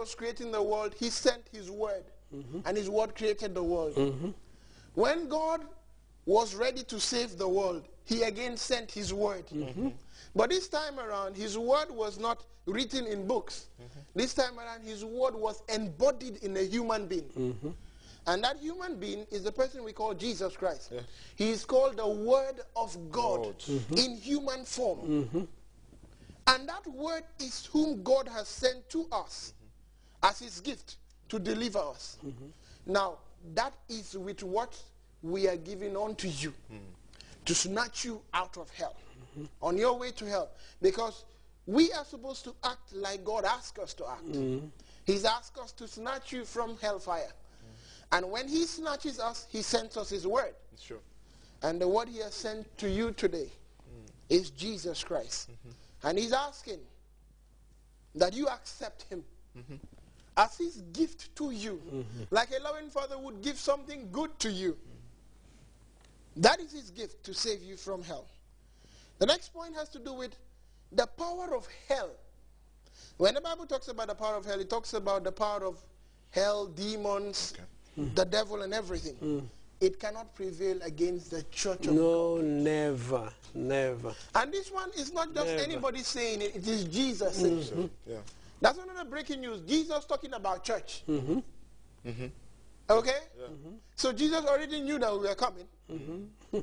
was creating the world, he sent his word. Mm -hmm. And his word created the world. Mm -hmm. When God was ready to save the world, he again sent his word. Mm -hmm. But this time around, his word was not written in books. Mm-hmm. This time around, his word was embodied in a human being. Mm-hmm. And that human being is the person we call Jesus Christ. He is called the Word of God, God. Mm -hmm. in human form. Mm -hmm. And that Word is whom God has sent to us as his gift to deliver us. Mm -hmm. Now, that is with what we are giving unto you mm. to snatch you out of hell, mm -hmm. on your way to hell. Because we are supposed to act like God asked us to act. Mm. He's asked us to snatch you from hellfire. Mm. And when he snatches us, he sends us his word. Sure. And the word he has sent to you today mm. is Jesus Christ. -hmm. And he's asking that you accept him. Mm-hmm as his gift to you. Mm -hmm. Like a loving father would give something good to you. That is his gift to save you from hell. The next point has to do with the power of hell. When the Bible talks about the power of hell, it talks about the power of hell, demons, okay. mm. the devil, and everything. Mm. It cannot prevail against the church of no, God. No, never, never. And this one is not just never. anybody saying it, it is Jesus mm -hmm. saying it. Mm-hmm. Yeah. That's another breaking news. Jesus talking about church. Mm -hmm. Mm -hmm. Okay? Yeah. So Jesus already knew that we were coming. Mm-hmm.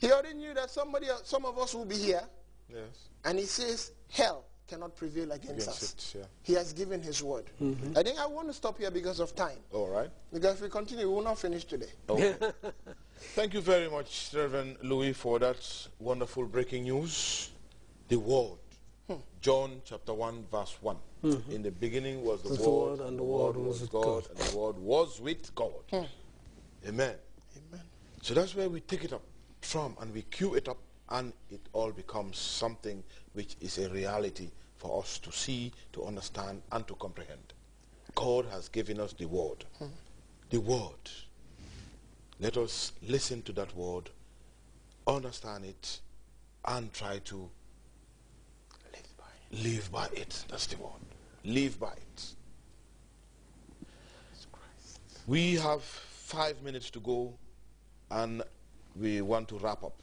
he already knew that somebody, some of us will be here. Yes. And he says, hell cannot prevail against, us. It, yeah. He has given his word. Mm -hmm. I think I want to stop here because of time. All right. Because if we continue, we will not finish today. Okay. Oh. Thank you very much, Reverend Louis, for that wonderful breaking news. The word John chapter 1, verse 1. Mm -hmm. In the beginning was the, the word, word, and the Word, word was, was God, God, and the Word was with God. Mm. Amen. Amen. So that's where we take it up from and we cue it up, and it all becomes something which is a reality for us to see, to understand, and to comprehend. God has given us the Word. Mm. The Word. Let us listen to that Word, understand it, and try to Live by it. That's the word. Live by it. We have five minutes to go and we want to wrap up.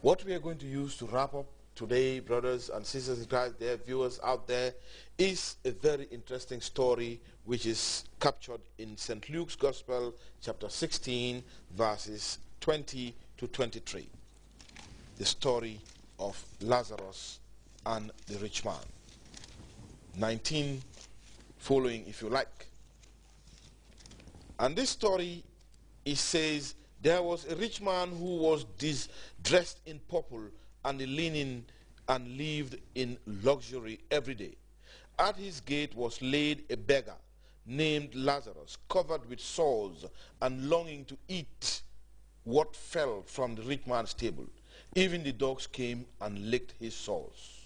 What we are going to use to wrap up today, brothers and sisters in Christ, dear viewers out there, is a very interesting story which is captured in St. Luke's Gospel, chapter 16, verses 20 to 23. The story of Lazarus and the rich man. 19 following, if you like. And this story, it says, there was a rich man who was dressed in purple and linen and lived in luxury every day. At his gate was laid a beggar named Lazarus, covered with sores and longing to eat what fell from the rich man's table. Even the dogs came and licked his sores.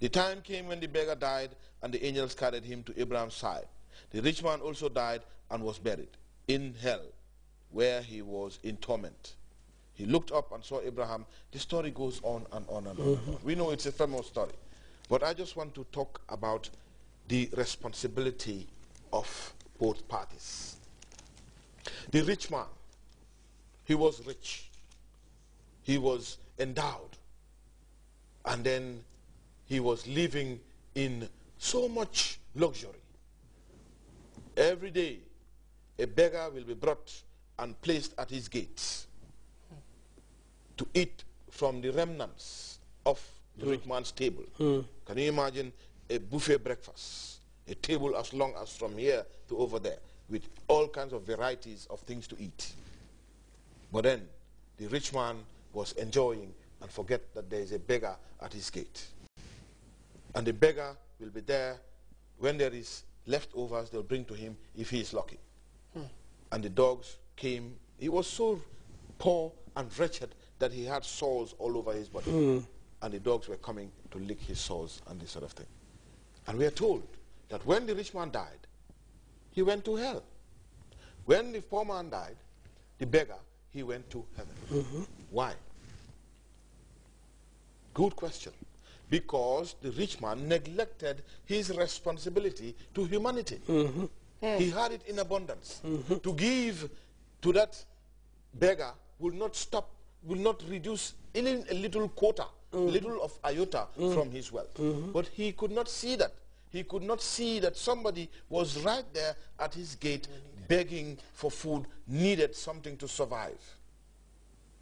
The time came when the beggar died, and the angels carried him to Abraham's side. The rich man also died and was buried in hell, where he was in torment. He looked up and saw Abraham. The story goes on and on and on. Mm -hmm. We know it's a famous story. But I just want to talk about the responsibility of both parties. The rich man, he was rich. He was endowed. And then he was living in so much luxury. Every day, a beggar will be brought and placed at his gates to eat from the remnants of the rich hmm. man's table. Mm. Can you imagine a buffet breakfast, a table as long as from here to over there, with all kinds of varieties of things to eat? But then, the rich man was enjoying and forget that there is a beggar at his gate. And the beggar will be there. When there is leftovers, they'll bring to him if he is lucky. Hmm. And the dogs came. He was so poor and wretched that he had sores all over his body. Hmm. And the dogs were coming to lick his sores and this sort of thing. And we are told that when the rich man died, he went to hell. When the poor man died, the beggar, he went to heaven. Mm -hmm. Why? Good question because the rich man neglected his responsibility to humanity. Mm -hmm. He had it in abundance. Mm -hmm. To give to that beggar will not stop, will not reduce even a little quota, mm. little of iota mm. from his wealth. -hmm. But he could not see that. He could not see that somebody was right there at his gate begging for food, needed something to survive.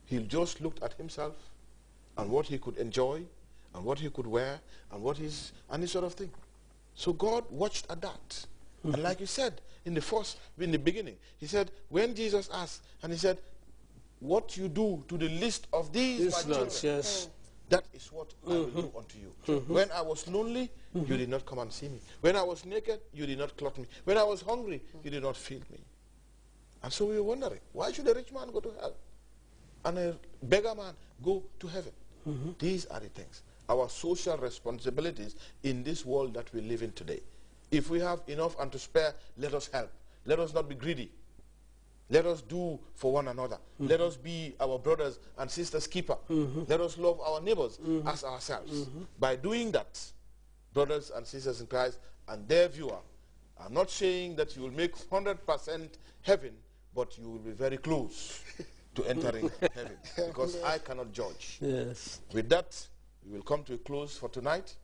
He just looked at himself and what he could enjoy and what he could wear and what his and this sort of thing. So God watched at that. Mm -hmm. And like you said, in the first, in the beginning, he said, when Jesus asked, and he said, what you do to the least of these children, yes. that is what mm -hmm. I will do mm-hmm. unto you. Mm -hmm. When I was lonely, you did not come and see me. When I was naked, you did not clothe me. When I was hungry, you did not feed me. And so we were wondering, why should a rich man go to hell? And a beggar man go to heaven? Mm-hmm. These are the things our social responsibilities in this world that we live in today. If we have enough and to spare, let us help. Let us not be greedy. Let us do for one another. Mm -hmm. Let us be our brothers and sisters' keeper. Mm -hmm. Let us love our neighbors mm -hmm. as ourselves. Mm-hmm. By doing that, brothers and sisters in Christ and their viewer, I'm not saying that you will make 100% heaven, but you will be very close to entering heaven because I cannot judge. Yes. With that, we will come to a close for tonight,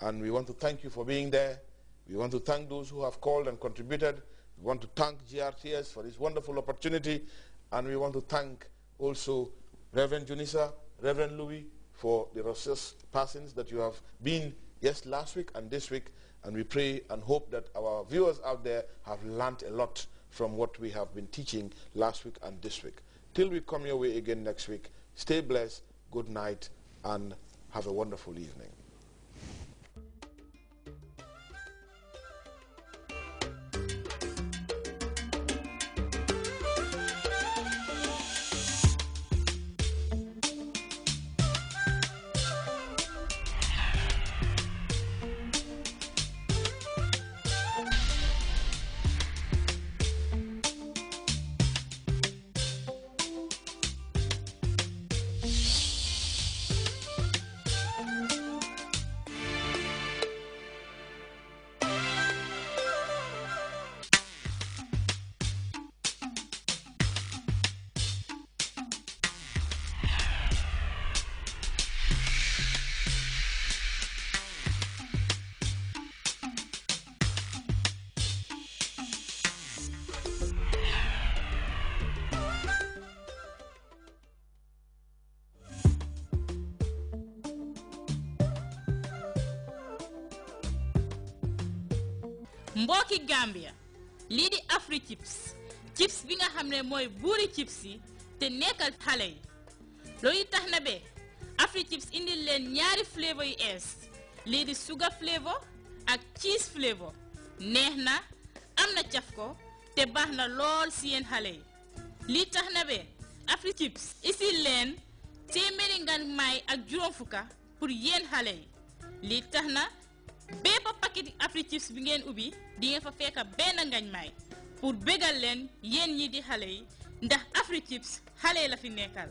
and we want to thank you for being there. We want to thank those who have called and contributed. We want to thank GRTS for this wonderful opportunity, and we want to thank also Reverend Junisa, Reverend Louis, for the resource persons that you have been, yes, last week and this week, and we pray and hope that our viewers out there have learned a lot from what we have been teaching last week and this week. Till we come your way again next week, stay blessed, good night, and have a wonderful evening. mbooki Gambia lii di Afri chips chips bi nga xam ne mooy buuri chips yi te nekkal xale yi loolu tax na be Afri chips indil leen ñaari flavor yu ees lii di sugar flavor ak cheese flavor neex na am na caf ko te baax na lool si yéen xale yi lii tax na be Afri chips isil leen téeméeri ngan may ak juróom fukka pour yéen xale yi lii tax na bépp paquet Africhips bi ngeen ubbi di nga fa fekk benn ngañ may pour bégal leen yéen ñi di xale yi ndax Africhips xale la fi nekkal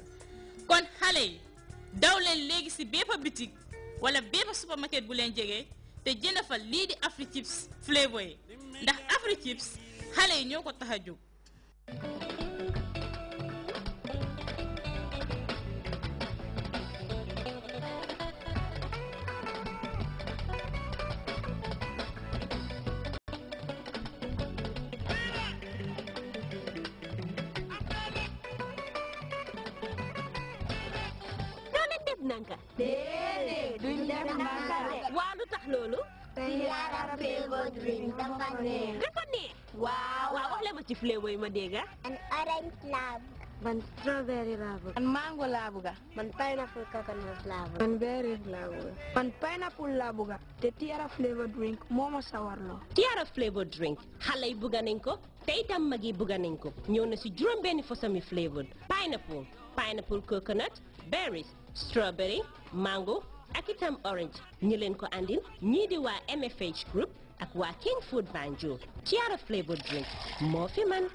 kon xale yi daw leen léegi si bépp bitig wala bépp supermarket bu leen jege te jënd fa lii di Africhips flavour yi ndax Africhips xale yi ñoo ko tax a jóg. loolu. Banana flavored drink number name. waaw wax la ma ci flavor yi ma dégg ah. an orange laa bëgg. man strawberry laa bëgg. man mango laa bëgg. te tiara flavored drink moo ma sawarloo. tiara flavored drink xale yi bëgg nañ ko te itam mag yi nañ ko ñëw na si juróom-benni fosami flavored pineapple pineapple coconut berries strawberry mango. ak itam orange ñi leen ko andil ñii di waa MFH group ak waa King Food Banjo Tiara flavored drink moo fi man